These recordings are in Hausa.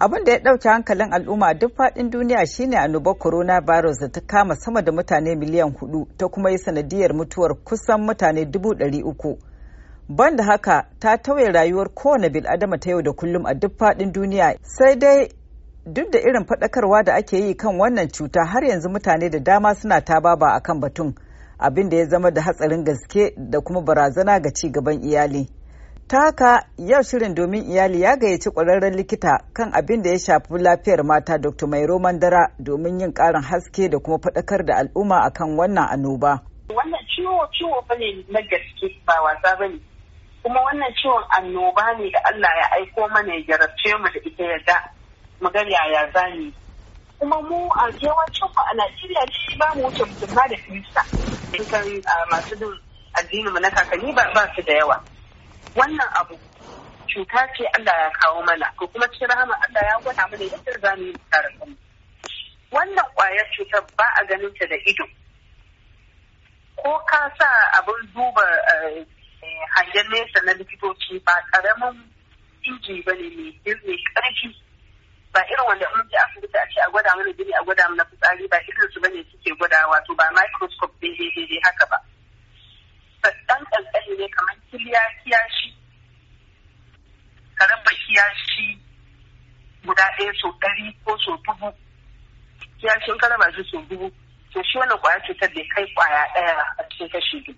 abin da ya ɗauke hankalin al'umma duk faɗin duniya shine annobar coronavirus da ta kama sama da mutane miliyan hudu ta kuma yi sanadiyar mutuwar kusan mutane dubu ɗari uku ban da haka ta tauye rayuwar kowane bil'adama ta yau da kullum a duk faɗin duniya sai dai duk da irin faɗakarwa da ake yi kan wannan cuta har yanzu mutane da dama suna taba ba akan batun abin da ya zama da hatsarin gaske da kuma barazana ga ci gaban iyali. Taka, haka yau shirin domin iyali ya gayyaci kwararren likita kan abin da ya shafi lafiyar mata dr mai mandara domin yin karin haske da kuma faɗakar da al'umma akan wannan annoba wannan ciwo ciwo ba ne na gaske ba wasa ba ne kuma wannan ciwon annoba ne da allah ya aiko mana ya jarabce mu da ita yadda mu ga ya zani kuma mu a yawancin ku a najeriya ne ba mu wuce ba da kirista kan ah, masu addinin mu na kakanni ba su da yawa wannan abu cuta ce Allah ya kawo mana ko kuma cikin rahama Allah ya gwada mana yadda za mu yi tare wannan kwayar cutar ba a ganin ta da ido ko ka sa abin duba eh, eh, hangen nesa na likitoci ba ƙaramin inji ba ne mai ƙarfi ba irin wanda in ji asibiti a ce a gwada mana jini a gwada mana fitsari ba irin su bane suke gwada wato ba microscope daidai daidai haka ba. Ɗan ƙanƙani ne kamar kiliya kiyashi karen baki ya shi guda ɗaya so ɗari ko so dubu ya shi in karaba shi so dubu to shi wannan kwaya cutar da kai kwaya ɗaya a cikin kashi biyu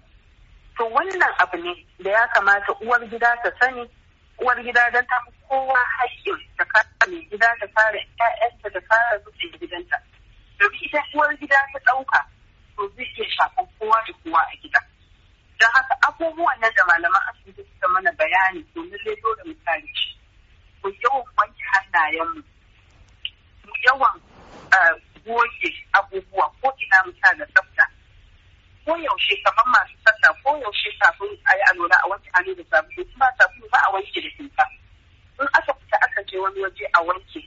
to wannan abu ne da ya kamata uwar gida ta sani uwar gida don ta kowa haƙƙin ta kasa mai gida ta fara ƴaƴanta ta fara mutum gidanta domin ita uwar gida ta ɗauka to zai iya shafan kowa da kowa a gida don haka abubuwan nan da malaman asibiti suka mana bayani iyayenmu mu yawan eh, goge abubuwa ko ina mu da tsafta ko yaushe kamar masu tsafta ko yaushe kafin a yi alona a wanke hannu da sabulu kuma sabu ba a wanke da kinka in aka fita aka je wani waje a wanke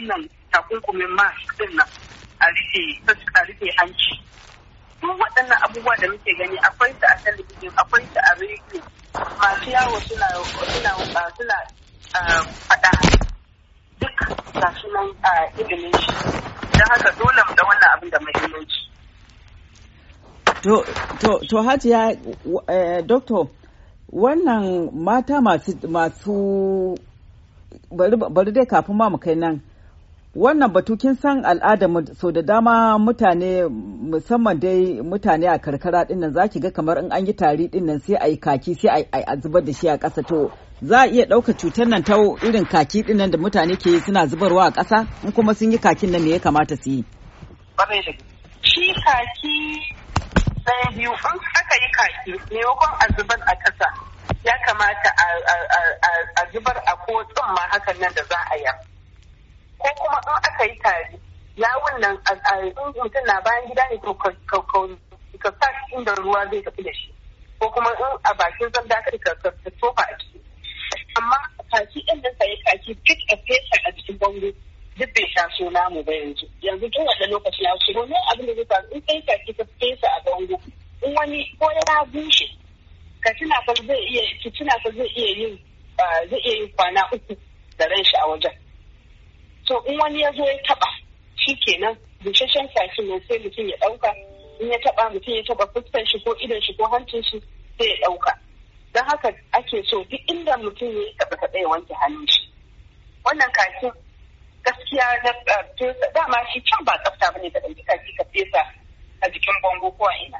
wannan takunkumin mask din nan a rufe a hanci duk waɗannan abubuwa da muke gani akwai su a talabijin akwai su a rediyo masu yawo suna suna suna ah, faɗa duk ga shi nan ah, ilimin shi don haka dole mu da wannan abin da muhimmanci To, to, to hajiya, eh, doktor, wannan mata masu, masu bari dai kafin ma mu kai nan wannan batu kin san al'ada so da dama mutane musamman dai mutane a karkara din nan zaki ga kamar in an yi tari din nan sai a yi kaki sai a zubar da shi a ƙasa to za a iya ɗauka cutar nan ta irin kaki din nan da mutane ke suna zubarwa a ƙasa in kuma sun yi kakin nan me ya kamata su yi shi kaki ɗaya biyu in aka yi kaki maimakon a zubar a ƙasa ya kamata a zubar a ko tsumma hakan nan da za a yi ko kuma in aka yi tare yawun nan in mutum na bayan gida ne to ka sa shi inda ruwa zai tafi da shi ko kuma in a bakin zanda ka ka tofa a ciki amma kaki ɗin da sai kaki duk a fesa a cikin bango duk bai sha so namu ba yanzu yanzu tun wanda lokaci ya wuce domin abin da zai faru in sai kaki ka fesa a bango in wani ko ya bushe ka tuna fa zai iya ki tuna fa zai iya yin ah, zai iya yin kwana uku da ran shi a wajen to in wani ya zo ya taba shi kenan busasshen kwashi ne sai mutum ya dauka in ya taba mutum ya taba fuskar shi ko idon shi ko hancin shi sai ya dauka don haka ake so duk inda mutum ya yi taba taba ya wanke hannun shi wannan kakin gaskiya na eh, dama shi can ba tsafta bane da ɗauki kaji ka fesa a jikin bango ko a ina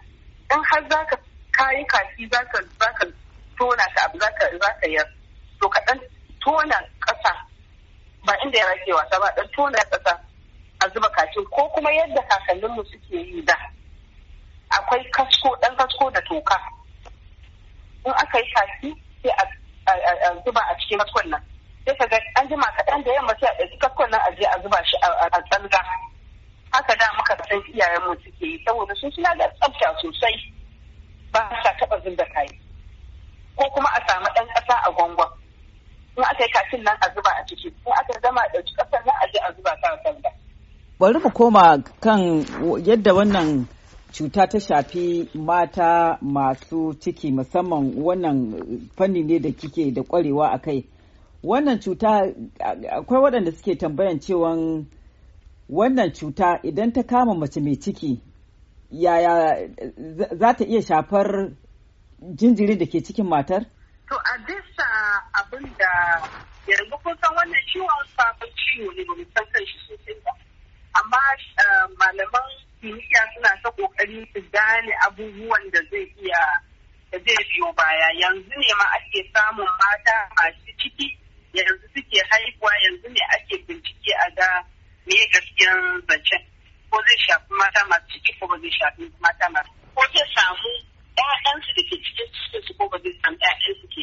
in har za ka kayi kashi za ka tona ka abu za ka yar to ka tona ba inda ya ke wasa ba dan tona ƙasa a zuba kacin ko kuma yadda kakanninmu suke yi da akwai kasko dan kasko da toka in aka yi kaki sai a zuba a cikin kaskon nan sai ka ga an jima kaɗan da yamma sai a ɗauki kaskon nan a je a zuba shi a tsalga haka da muka san iyayenmu suke yi saboda sun suna da tsafta sosai ba sa taɓa zunda kayi ko kuma kai kashin nan a zuba a ciki sai aka ɗauki ƙasar nan a je a zuba ta sanda. bari mu koma kan yadda wannan cuta ta shafi mata masu ciki musamman wannan fanni ne da kike da kwarewa a kai wannan cuta akwai waɗanda suke tambayan cewan wannan cuta idan ta kama mace mai ciki yaya za ta iya shafar jinjirin da ke cikin matar? To a this abin da yanzu kun san wannan ciwon sabon ciwo ne ba mu san kan shi sosai ba amma eh, malaman kimiyya suna ta kokari su gane abubuwan da zai iya da zai biyo baya yanzu ne ma ake samun mata masu ciki yanzu suke haihuwa yanzu ne ake bincike a ga me gaskiyan zancen ko zai shafi mata masu ciki ko ba zai shafi mata masu ko zai samu 'ya'yansu da ke cikin cikin su ko ba zai samu 'ya'yansu ke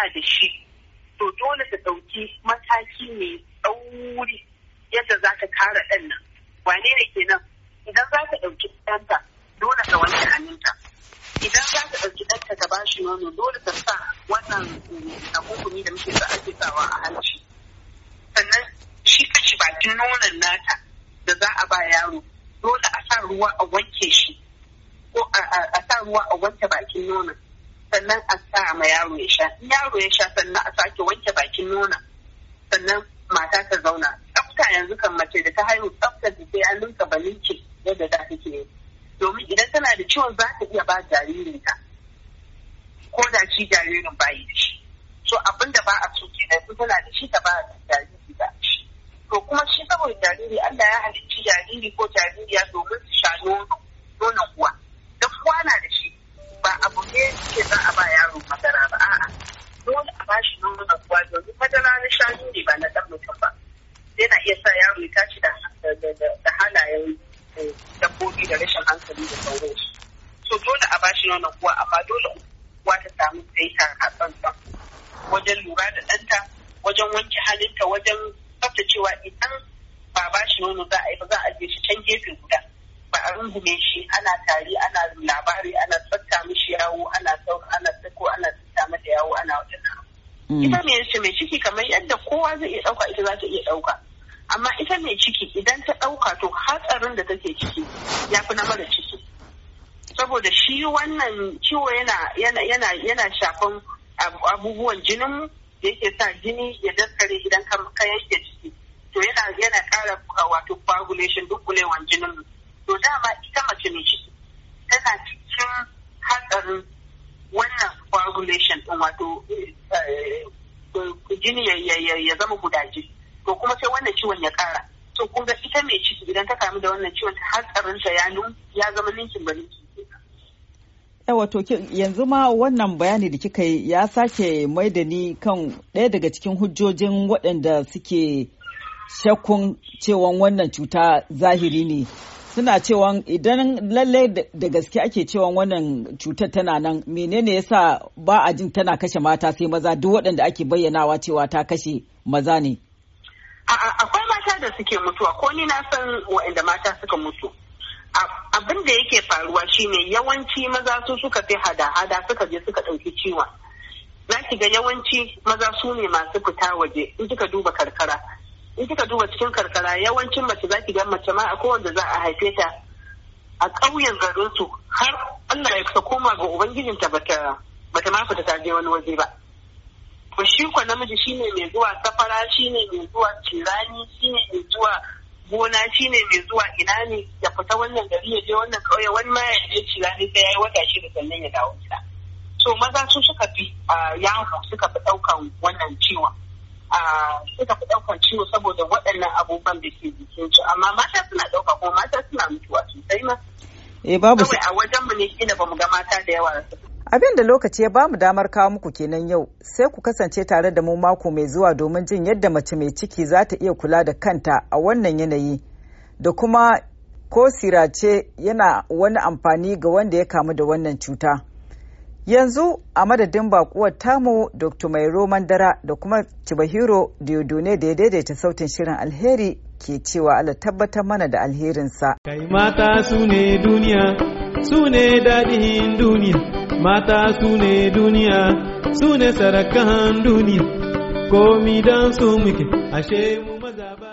Yana da shi to dole ka ɗauki mataki mai tsauri yadda za ta kare ɗan nan wane ne kenan idan za ka ɗauki ɗanta dole ka wanke hannunta idan za ka ɗauki ɗanta ka bashi nono dole ka sa wannan eh, takunkumi da muke sa ake sawa a hanci sannan shi kashi bakin nonon nata da za a ba yaro dole a sa ruwa a wanke shi ko a sa ruwa a wanke bakin nonon sannan a sa ma yaro ya sha yaro ya sha sannan a sake wanke bakin nuna sannan mata ta zauna tsafta yanzu kan mace da ta haihu Tsafta da sai an linka balinki yadda za ta yi domin idan tana da ciwon za ta iya ba jaririnta ko da shi jaririn bayi da shi so abin da ba a so ke su tana da shi ta ba jariri da to kuma shi saboda jariri Allah ya halicci jariri ko jaririya domin su sha nono nonon uwa duk uwa na da shi ba abu ne ke za a ba yaro madara ba a'a dole a bashi nono na kuwa domin madara na shanu ne ba na dan mutum ba yana iya sa yaro ya tashi da da halayen eh, dabbobi da rashin hankali da sauransu so dole a bashi nono kuwa amma dole uwa ta samu saita a tsantsan wajen lura da ɗanta wajen wanke halinta wajen tsaftacewa idan ba ba shi nono za a yi ba za a je shi can gefe guda ba a rungume shi ana tari ana labari Mm. ita mai mai ciki kamar yadda kowa zai iya ɗauka ita za ta iya ɗauka, amma ita mai ciki idan ta ɗauka to hatsarin da take ciki ya fi na mara ciki saboda shi wannan ciwo yana yana yana yana shafan abubuwan jinin da yake sa jini ya daskare idan ka yanke ciki to yana yana kara wato coagulation dunkulewan jinin to dama ita mace mai ciki tana cikin hatsarin wannan coagulation ɗin wato eh, eh, jini ya zama gudaje to kuma sai wannan ciwon ya kara to kun ga ita mai ciki idan ta kamu da wannan ciwon ta hatsarinta ya ya zama ninkin ba ninkin yanzu ma wannan bayani da kika yi ya sake mai da ni kan ɗaya daga cikin hujjojin waɗanda suke shakkun cewan wannan cuta zahiri ne suna cewa idan lallai da gaske ake cewa wannan cutar tana nan menene yasa ba a jin tana kashe mata sai maza duk waɗanda ake bayyanawa cewa ta kashe maza ne akwai mata da suke mutuwa ko ni na san waɗanda mata suka mutu abin da yake faruwa shine yawanci maza su suka fi hada-hada suka je suka ɗauki ciwon na shiga yawanci maza su ne masu fita waje in suka duba karkara in kika duba cikin karkara yawancin mace za ki ga mace ma a kowanne za a haife ta a ƙauyen garin har Allah ya kusa koma ga ubangijinta bata bata ma fita ta je wani waje ba to shi ko namiji shine mai zuwa safara shine mai zuwa cirani shine mai zuwa gona shine mai zuwa ina ne ya fita wannan gari ya je wannan ƙauye wani ma ya je cirani sai ya yi wata da sannan ya dawo gida so maza su suka fi ah, yawo suka fi ɗaukan wannan ciwon suka fi ɗaukan ciwo saboda waɗannan abubuwan da ke jikin su amma mata suna ɗauka kuma mata suna mutuwa sosai ma. Eh babu sai. a wajen mu ne kila bamu ga mata da yawa. Abin da lokaci ya ba mu damar kawo muku kenan yau sai ku kasance tare da mu mako mai zuwa domin jin yadda mace mai ciki za ta iya kula da kanta a wannan yanayi da kuma ko sirace yana wani amfani ga wanda ya kamu da wannan cuta. yanzu a madadin bakuwar tamu dr mai roman dara da kuma cibahiro diodone da ya daidaita sautin shirin alheri ke cewa ala tabbatar mana da alherinsa kai mata su ne duniya su ne daɗin duniya mata su ne duniya su ne sarakan duniya komi don su muke ashe mu maza ba